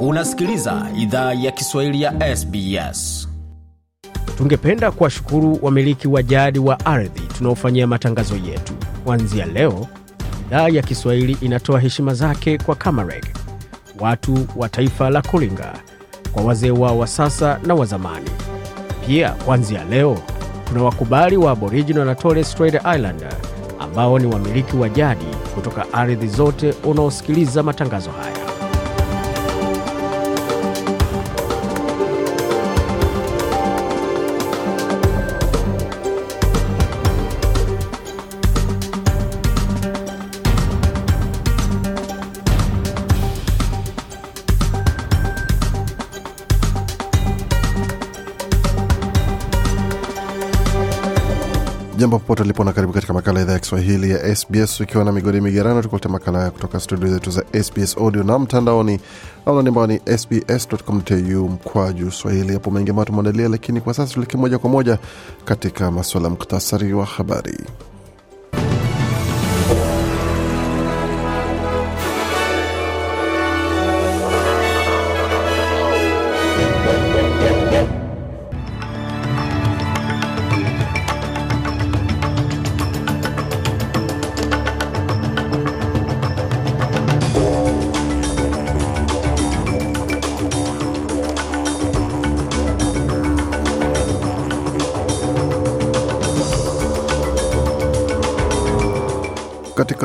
Unasikiliza idhaa ya Kiswahili ya SBS. Tungependa kuwashukuru wamiliki wa jadi wa ardhi tunaofanyia matangazo yetu. Kuanzia leo, idhaa ya Kiswahili inatoa heshima zake kwa Kamareg, watu wa taifa la Kulinga, kwa wazee wao wa sasa na wa zamani. Pia kuanzia leo wakubali wa Aboriginal na tore Strait island ambao ni wamiliki wa jadi kutoka ardhi zote unaosikiliza matangazo haya. jambo popote ulipo na karibu katika makala idhaa ya kiswahili ya sbs ukiwa na migodi migerano tukulete makala haya kutoka studio zetu za sbs audio na mtandaoni aunani ambao ni sbscu mkwaju swahili hapo mengi ambayo tumeandalia lakini kwa sasa tuelekee moja kwa moja katika masuala muktasari wa habari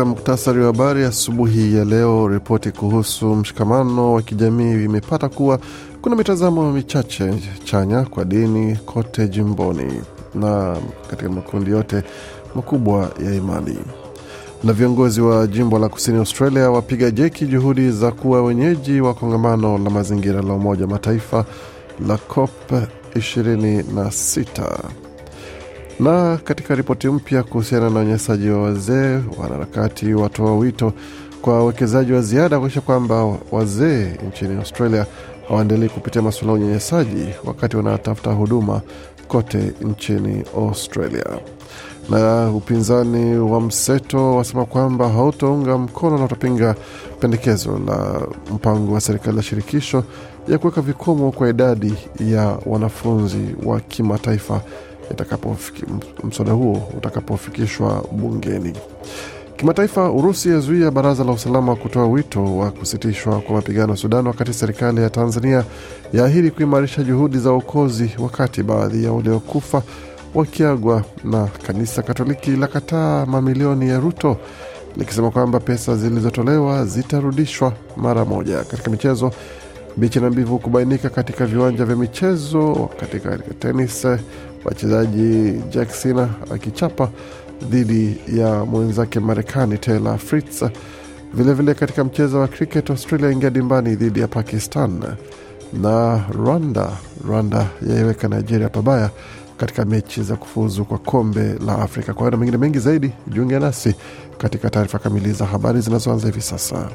katika muktasari wa habari asubuhi ya leo, ripoti kuhusu mshikamano wa kijamii imepata kuwa kuna mitazamo michache chanya kwa dini kote jimboni na katika makundi yote makubwa ya imani. Na viongozi wa jimbo la kusini Australia wapiga jeki juhudi za kuwa wenyeji wa kongamano la mazingira la Umoja Mataifa la COP 26. Na katika ripoti mpya kuhusiana na unyanyasaji wa wazee, wanaharakati watoa wa wito kwa wawekezaji wa ziada kuakisha kwamba wazee nchini Australia hawaendelei kupitia masuala ya unyanyasaji wakati wanatafuta huduma kote nchini Australia. Na upinzani wa mseto wasema kwamba hautaunga mkono na utapinga pendekezo la mpango wa serikali ya shirikisho ya kuweka vikomo kwa idadi ya wanafunzi wa kimataifa mswada huo utakapofikishwa bungeni. Kimataifa, Urusi yazuia baraza la usalama kutoa wito wa kusitishwa kwa mapigano Sudan, wakati serikali ya Tanzania yaahidi kuimarisha juhudi za uokozi, wakati baadhi ya waliokufa wakiagwa, na kanisa Katoliki la kataa mamilioni ya Ruto likisema kwamba pesa zilizotolewa zitarudishwa mara moja. Katika michezo, bichi na mbivu kubainika katika viwanja vya michezo katika tenis wachezaji Jack Sina akichapa dhidi ya mwenzake Marekani Taylor Fritz. Vilevile vile katika mchezo wa cricket, Australia ingia dimbani dhidi ya Pakistan na Rwanda. Rwanda yaiweka Nigeria pabaya katika mechi za kufuzu kwa kombe la Afrika. Kwa hayo na mengine mengi zaidi, jiunge nasi katika taarifa kamili za habari zinazoanza hivi sasa.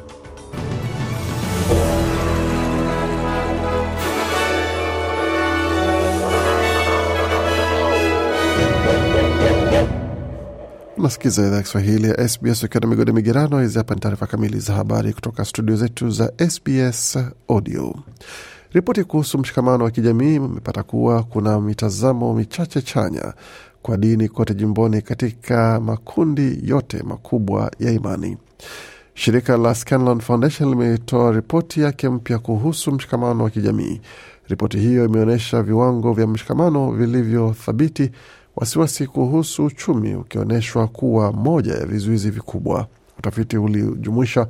Unasikiza idhaa Kiswahili ya SBS ukiwa na migode migerano. Hizi hapa ni taarifa kamili za habari kutoka studio zetu za SBS Audio. Ripoti kuhusu mshikamano wa kijamii imepata kuwa kuna mitazamo michache chanya kwa dini kote jimboni katika makundi yote makubwa ya imani. Shirika la Scanlon Foundation limetoa ripoti yake mpya kuhusu mshikamano wa kijamii. Ripoti hiyo imeonyesha viwango vya mshikamano vilivyothabiti wasiwasi kuhusu uchumi ukionyeshwa kuwa moja ya vizuizi vikubwa. Utafiti ulijumuisha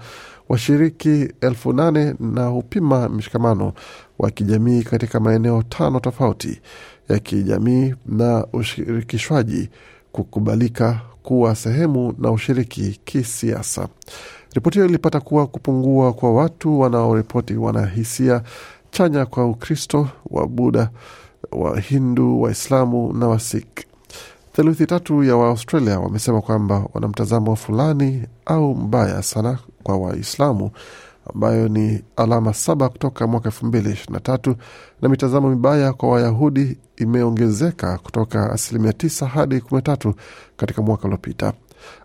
washiriki elfu nane na hupima mshikamano wa kijamii katika maeneo tano tofauti ya kijamii na ushirikishwaji, kukubalika kuwa sehemu na ushiriki kisiasa. Ripoti hiyo ilipata kuwa kupungua kwa watu wanaoripoti wanahisia chanya kwa Ukristo wa wahindu wa Hindu, Waislamu na Wasik. Theluthi tatu ya Waaustralia wamesema kwamba wana mtazamo fulani au mbaya sana kwa Waislamu, ambayo ni alama saba kutoka mwaka elfu mbili ishirini na tatu na mitazamo mibaya kwa Wayahudi imeongezeka kutoka asilimia tisa hadi kumi na tatu katika mwaka uliopita.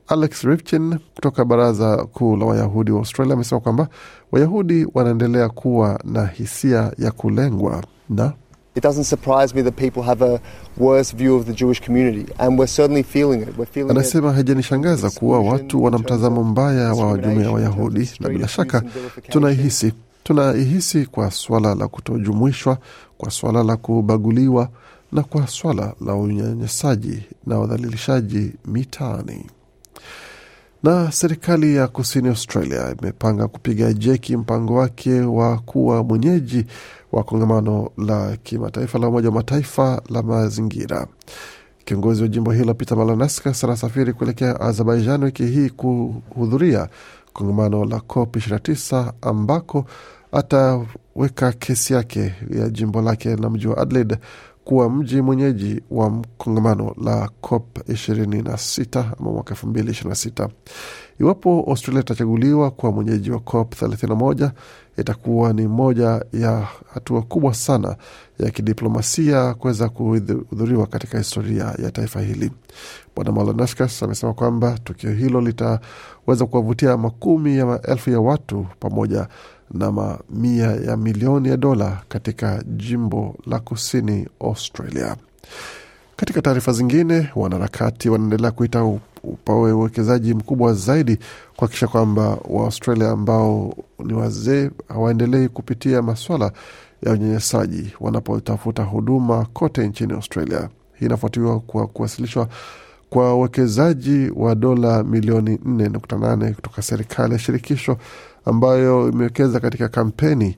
Alex Rifchin kutoka Baraza Kuu la Wayahudi wa Australia amesema kwamba Wayahudi wanaendelea kuwa na hisia ya kulengwa na It doesn't surprise me that people have a worse view of the Jewish community and we're certainly feeling it. We're feeling Anasema hajanishangaza kuwa watu wana mtazamo mbaya wa jumuiya ya Wayahudi na bila shaka tunaihisi tunaihisi kwa swala la kutojumuishwa, kwa swala la kubaguliwa na kwa swala la unyanyasaji na udhalilishaji mitaani. Na serikali ya kusini Australia imepanga kupiga jeki mpango wake wa kuwa mwenyeji wa kongamano la kimataifa la Umoja wa Mataifa la mazingira. Kiongozi wa jimbo hilo Peter Malanaska anasafiri kuelekea Azerbaijan wiki hii kuhudhuria kongamano la COP 29 ambako ataweka kesi yake ya jimbo lake la mji wa Adelaide kuwa mji mwenyeji wa kongamano la COP 26 ama mwaka 2026. Iwapo Australia itachaguliwa kuwa mwenyeji wa COP 31, itakuwa ni moja ya hatua kubwa sana ya kidiplomasia kuweza kuhudhuriwa katika historia ya taifa hili. Bwana Malanaskas amesema kwamba tukio hilo litaweza kuwavutia makumi ya maelfu ya watu pamoja na mamia ya milioni ya dola katika jimbo la kusini Australia. Katika taarifa zingine, wanaharakati wanaendelea kuita upawe uwekezaji mkubwa zaidi kuhakikisha kwamba Waaustralia ambao ni wazee hawaendelei kupitia maswala ya unyanyasaji wanapotafuta huduma kote nchini Australia. Hii inafuatiwa kwa kuwasilishwa kwa uwekezaji wa dola milioni 4.8 kutoka serikali ya shirikisho ambayo imewekeza katika kampeni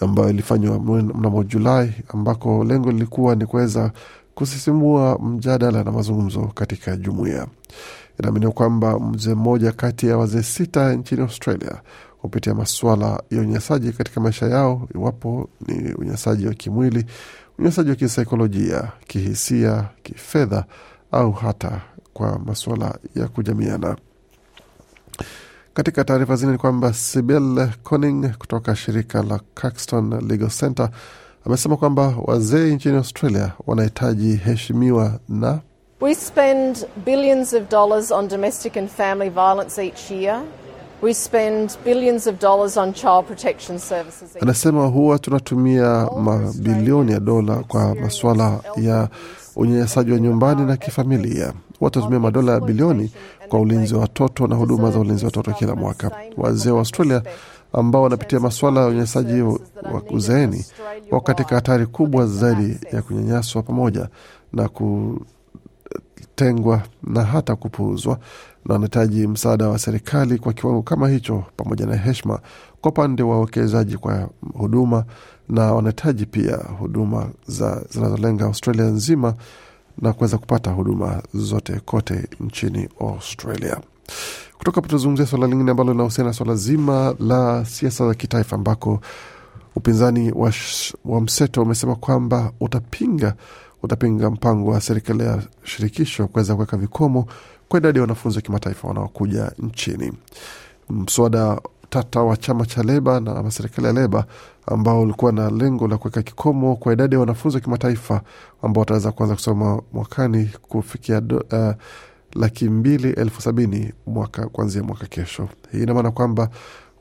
ambayo ilifanywa mnamo Julai, ambako lengo lilikuwa ni kuweza kusisimua mjadala na mazungumzo katika jumuiya. Inaaminiwa kwamba mzee mmoja kati ya wazee sita nchini Australia kupitia masuala ya unyanyasaji katika maisha yao, iwapo ni unyanyasaji wa kimwili, unyanyasaji wa kisaikolojia, kihisia, kifedha au hata kwa masuala ya kujamiana. Katika taarifa zingine ni kwamba Sibyl Koning kutoka shirika la Caxton Legal Center amesema kwamba wazee nchini Australia wanahitaji heshimiwa na We spend billions of dollars on domestic and family violence each year. We spend billions of dollars on child protection services. Anasema huwa tunatumia mabilioni ya dola kwa masuala ya unyanyasaji wa nyumbani na kifamilia watatumia madola ya bilioni kwa ulinzi wa watoto na huduma za ulinzi wa watoto kila mwaka. Wazee wa Australia ambao wanapitia masuala ya unyanyasaji wa uzeeni wako katika hatari kubwa zaidi ya kunyanyaswa pamoja na kutengwa na hata kupuuzwa, na wanahitaji msaada wa serikali kwa kiwango kama hicho, pamoja na heshima kwa upande wa wawekezaji kwa huduma, na wanahitaji pia huduma zinazolenga Australia nzima na kuweza kupata huduma zote kote nchini Australia. Kutoka hapo tuzungumzia swala lingine ambalo linahusiana na swala zima la siasa za kitaifa ambako upinzani wa, wa mseto umesema kwamba utapinga utapinga mpango wa serikali ya shirikisho kuweza kuweka vikomo kwa idadi ya wanafunzi wa kimataifa wanaokuja nchini. Mswada tata wa chama cha Leba na serikali ya Leba ambao ulikuwa na lengo la kuweka kikomo kwa idadi ya wanafunzi wa kimataifa ambao wataweza kuanza kusoma mwakani kufikia do, uh, laki mbili elfu sabini mwaka kuanzia mwaka kesho. Hii ina maana kwamba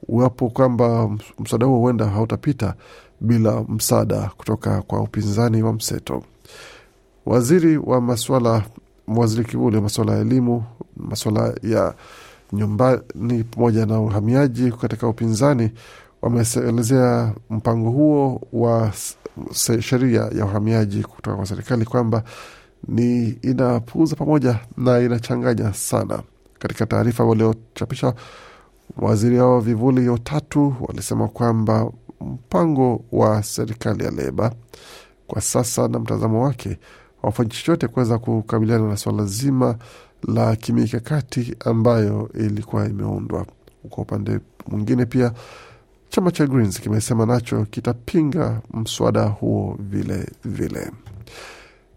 wapo kwamba mswada huo huenda hautapita bila msaada kutoka kwa upinzani wa mseto. Waziri wa maswala waziri Kivuli wa maswala ya elimu, maswala ya nyumbani pamoja na uhamiaji katika upinzani wameelezea mpango huo wa sheria ya uhamiaji kutoka kwa serikali kwamba ni inapuuza pamoja na inachanganya sana. Katika taarifa waliochapisha waziri wao vivuli watatu walisema kwamba mpango wa serikali ya Leba kwa sasa na mtazamo wake wafanyi chochote kuweza kukabiliana na swala zima la kimikakati ambayo ilikuwa imeundwa. Kwa upande mwingine pia Chama cha Greens kimesema nacho kitapinga mswada huo vile vile.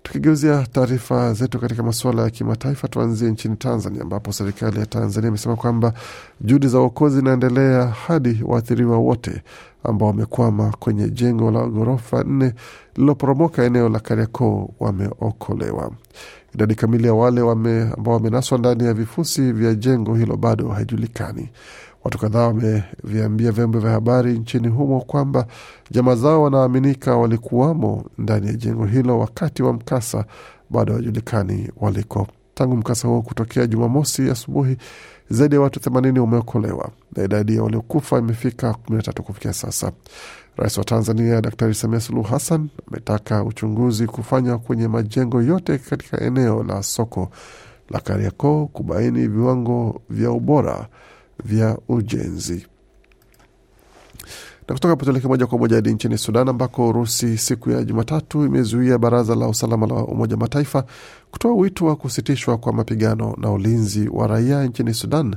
Tukigeuzia taarifa zetu katika masuala ya kimataifa, tuanzie nchini Tanzania ambapo serikali ya Tanzania imesema kwamba juhudi za uokozi zinaendelea hadi waathiriwa wote ambao wamekwama kwenye jengo la ghorofa nne lililoporomoka eneo la Kariakoo wameokolewa. Idadi kamili ya wale wame, ambao wamenaswa ndani ya vifusi vya jengo hilo bado haijulikani. Watu kadhaa wameviambia vyombo vya habari nchini humo kwamba jamaa zao wanaaminika walikuwamo ndani ya jengo hilo wakati wa mkasa, bado hawajulikani waliko. Tangu mkasa huo kutokea Jumamosi asubuhi, zaidi ya watu 80 wameokolewa na idadi ya waliokufa imefika 13 kufikia sasa. Rais wa Tanzania Daktari Samia Suluhu Hassan ametaka uchunguzi kufanywa kwenye majengo yote katika eneo la soko la Kariakoo kubaini viwango vya ubora vya ujenzi. Na kutoka hapo tuelekee moja kwa moja hadi nchini Sudan ambako Urusi siku ya Jumatatu imezuia baraza la usalama la Umoja wa Mataifa kutoa wito wa kusitishwa kwa mapigano na ulinzi wa raia nchini Sudan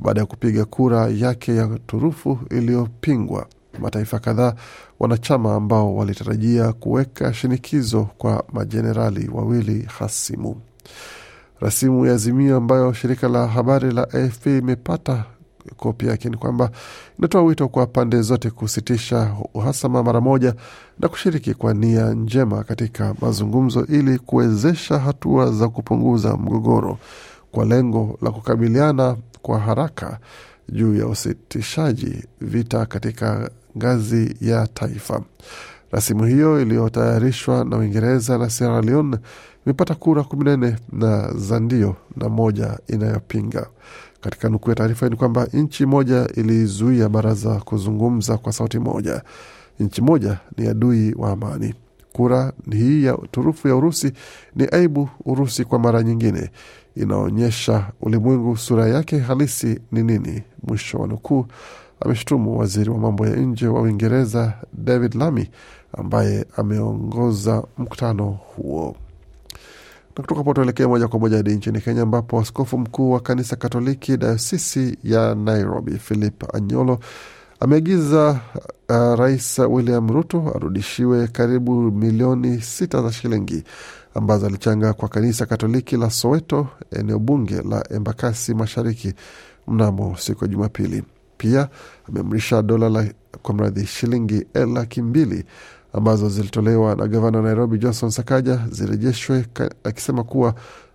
baada ya kupiga kura yake ya turufu iliyopingwa. Mataifa kadhaa wanachama ambao walitarajia kuweka shinikizo kwa majenerali wawili hasimu. Rasimu ya azimio ambayo shirika la habari la AFP imepata kopi yake ni kwamba inatoa wito kwa pande zote kusitisha uhasama mara moja na kushiriki kwa nia njema katika mazungumzo ili kuwezesha hatua za kupunguza mgogoro kwa lengo la kukabiliana kwa haraka juu ya usitishaji vita katika ngazi ya taifa. Rasimu hiyo iliyotayarishwa na Uingereza na Sierra Leone imepata kura kumi na nne na za ndio na moja inayopinga. Katika nukuu ya taarifa ni kwamba nchi moja ilizuia baraza kuzungumza kwa sauti moja. Nchi moja ni adui wa amani. Kura hii ya turufu ya Urusi ni aibu. Urusi kwa mara nyingine inaonyesha ulimwengu sura yake halisi ni nini, mwisho wa nukuu, ameshutumu waziri wa mambo ya nje wa Uingereza David Lammy ambaye ameongoza mkutano huo. Na kutoka hapo tuelekee moja kwa moja hadi nchini Kenya, ambapo askofu mkuu wa kanisa Katoliki dayosisi ya Nairobi Philip Anyolo ameagiza uh, Rais William Ruto arudishiwe karibu milioni sita za shilingi ambazo alichanga kwa kanisa Katoliki la Soweto, eneo bunge la Embakasi Mashariki mnamo siku ya Jumapili. Pia ameamrisha dola la kwa mradhi shilingi laki mbili ambazo zilitolewa na gavana wa Nairobi Johnson Sakaja zirejeshwe, akisema kuwa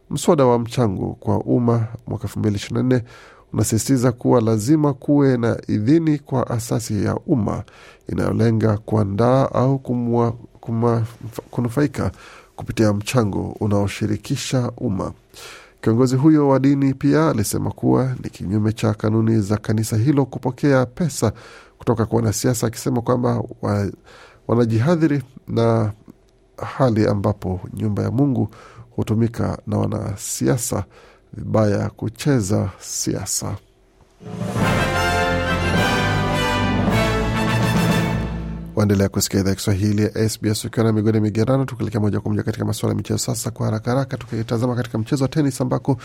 mswada wa mchango kwa umma mwaka elfu mbili na nne unasisitiza kuwa lazima kuwe na idhini kwa asasi ya umma inayolenga kuandaa au kunufaika kupitia mchango unaoshirikisha umma. Kiongozi huyo wa dini pia alisema kuwa ni kinyume cha kanuni za kanisa hilo kupokea pesa kutoka kwa wanasiasa, akisema kwamba wanajihadhiri na hali ambapo nyumba ya Mungu hutumika na wanasiasa vibaya kucheza siasa. Waendelea kusikia idhaa Kiswahili ya SBS ukiwa na migodi migerano. Tukielekea moja kwa moja katika masuala ya michezo sasa kwa haraka haraka, tukitazama katika mchezo wa tenis ambako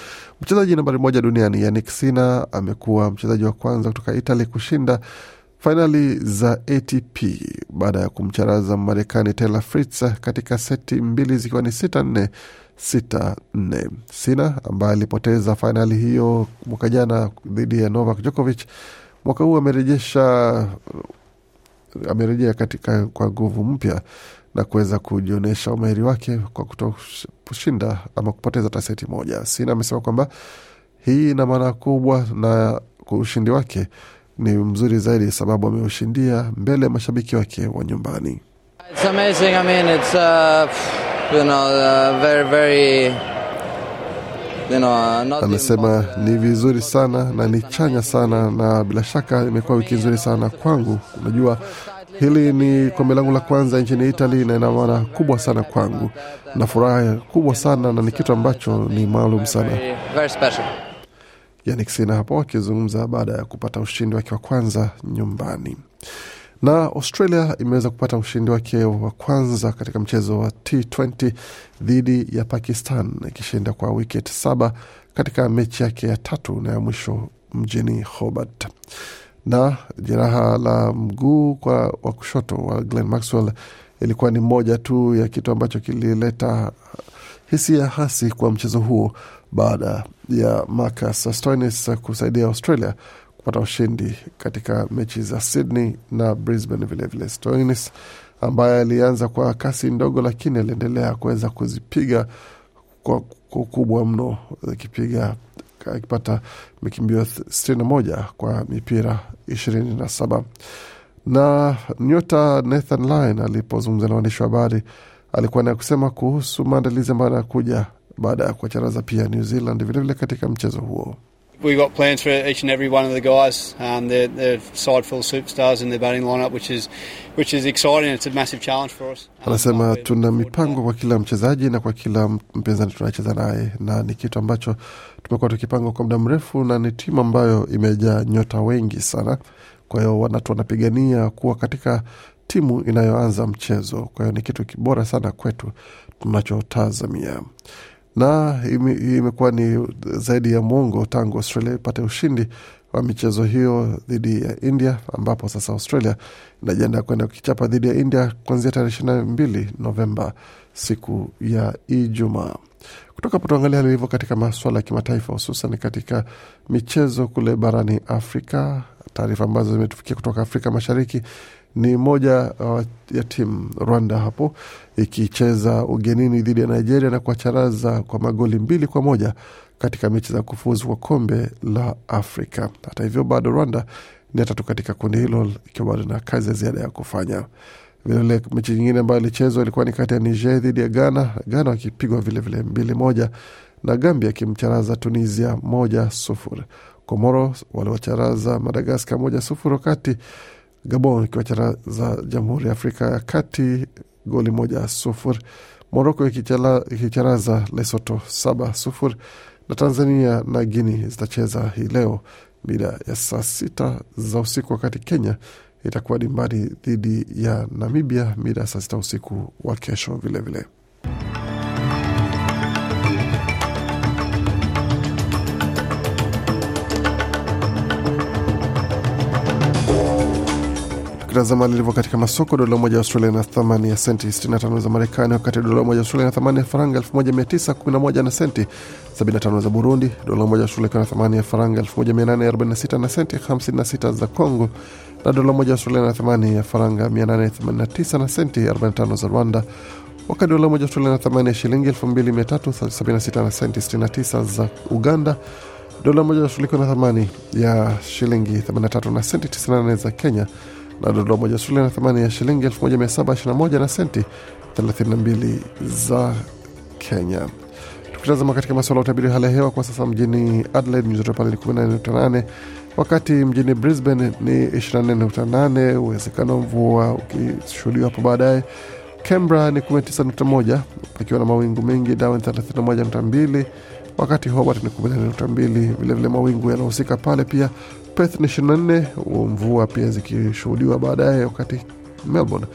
mchezaji nambari moja duniani Yannick Sinner amekuwa mchezaji wa kwanza kutoka Italy kushinda fainali za ATP baada ya kumcharaza Marekani Taylor Fritz katika seti mbili zikiwa ni sita nne sita nne. Sina ambaye alipoteza fainali hiyo mwaka jana dhidi ya Novak Djokovic, mwaka huu amerejesha amerejea katika kwa nguvu mpya na kuweza kujionyesha umahiri wake kwa kutoshinda ama kupoteza hata seti moja. Sina amesema kwamba hii ina maana kubwa na kwa ushindi wake ni mzuri zaidi, sababu ameushindia mbele ya mashabiki wake wa nyumbani. It's amazing. I mean, it's, uh, you know, uh, very, very, you know, uh, not amesema ni vizuri sana na ni chanya sana, na bila shaka imekuwa wiki nzuri sana kwangu. Unajua, hili ni kombe langu la kwanza nchini Itali na ina maana kubwa sana kwangu na furaha kubwa sana na ni kitu ambacho ni maalum sana very, very Yannick Sinner hapo akizungumza baada ya kupata ushindi wake wa kwanza nyumbani. Na Australia imeweza kupata ushindi wake wa kwanza katika mchezo wa T20 dhidi ya Pakistan ikishinda kwa wiketi saba katika mechi yake ya tatu na ya mwisho mjini Hobart na jeraha la mguu kwa wa kushoto wa Glenn Maxwell ilikuwa ni moja tu ya kitu ambacho kilileta hisia hasi kwa mchezo huo, baada ya Marcus Stoinis kusaidia Australia kupata ushindi katika mechi za Sydney na Brisbane. Vilevile Stoinis ambaye alianza kwa kasi ndogo, lakini aliendelea kuweza kuzipiga kwa ukubwa mno, akipiga akipata mikimbio 61 kwa mipira 27. Na nyota Nathan Lyon alipozungumza na waandishi wa habari alikuwa na kusema kuhusu maandalizi ambayo anakuja baada ya kuwacharaza pia New Zealand vilevile vile katika mchezo huo. We got plans for each and every one of the guys. Um, they're, they're side full superstars in their batting lineup, which is, which is exciting. It's a massive challenge for us. Anasema tuna mipango kwa kila mchezaji na kwa kila mpinzani tunayecheza naye, na ni kitu ambacho tumekuwa tukipanga kwa muda mrefu, na ni timu ambayo imejaa nyota wengi sana. Kwa hiyo wanatu wanapigania kuwa katika timu inayoanza mchezo. Kwa hiyo ni kitu kibora sana kwetu tunachotazamia na imekuwa ni zaidi ya mwongo tangu Australia ipate ushindi wa michezo hiyo dhidi ya India, ambapo sasa Australia inajiandaa kwenda kukichapa dhidi ya India kuanzia tarehe ishirini na mbili Novemba, siku ya Ijumaa. Kutoka hapo tuangalia ilivyo katika maswala ya kimataifa, hususan katika michezo kule barani Afrika. Taarifa ambazo zimetufikia kutoka Afrika Mashariki ni moja uh, ya timu Rwanda hapo ikicheza ugenini dhidi ya Nigeria na kuacharaza kwa magoli mbili kwa moja katika mechi za kufuzu kwa kombe la Afrika. Hata hivyo bado Rwanda ni tatu katika kundi hilo ikiwa bado na kazi ya ziada ya kufanya. Vilevile mechi nyingine ambayo ilichezwa ilikuwa ni kati ya Niger dhidi ya Ghana, Ghana wakipigwa vilevile mbili moja na Gambia akimcharaza Tunisia moja sufuri. Komoro waliwacharaza Madagaskar moja sufuri wakati Gabon ikiwachara za Jamhuri ya Afrika ya Kati goli moja sufuri. Moroko ikicharaza Lesoto saba sufuri na Tanzania na Guini zitacheza hii leo mida ya saa sita za usiku, wakati Kenya itakuwa dimbani dhidi ya Namibia mida ya saa sita usiku wa kesho vilevile vile. Tukitazama lilivyo katika masoko, dola moja ya Australia na thamani ya senti 65 za Marekani, wakati dola moja ya Australia na thamani ya faranga 1911 na senti 75 za Burundi, dola moja ya Australia ikiwa na thamani ya faranga 1846 na senti 56 za Congo, na dola moja ya Australia na thamani ya faranga 889 na senti 45 za Rwanda, wakati dola moja ya Australia na thamani ya shilingi 2376 na senti 69 za Uganda dola moja ya Australia na thamani ya shilingi 83 na senti 94 za Kenya na dola moja Australia na thamani ya shilingi 1721 na senti 32 za Kenya. Tukitazama katika masuala ya utabiri hali ya hewa kwa sasa, mjini Adelaide nyuzi joto pale ni 18.8, wakati mjini Brisbane ni 24.8, uwezekano mvua ukishuhudiwa hapo baadaye. Canberra ni 19.1 pakiwa na mawingu mengi. Darwin 31.2 wakati Hobart ni 18.2, vilevile mawingu yanahusika pale pia. Perth ni 24, mvua pia zikishuhudiwa baadaye, wakati Melbourne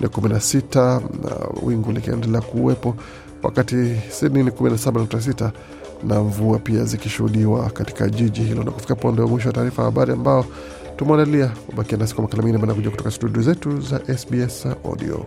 ni 16 na wingu likiendelea kuwepo, wakati Sydney ni 17.6 na mvua pia zikishuhudiwa katika jiji hilo. Na kufika pondo ya mwisho wa taarifa ya habari ambao tumeandalia. ubakia nasi kwa makala mengine kuja kutoka studio zetu za SBS Audio.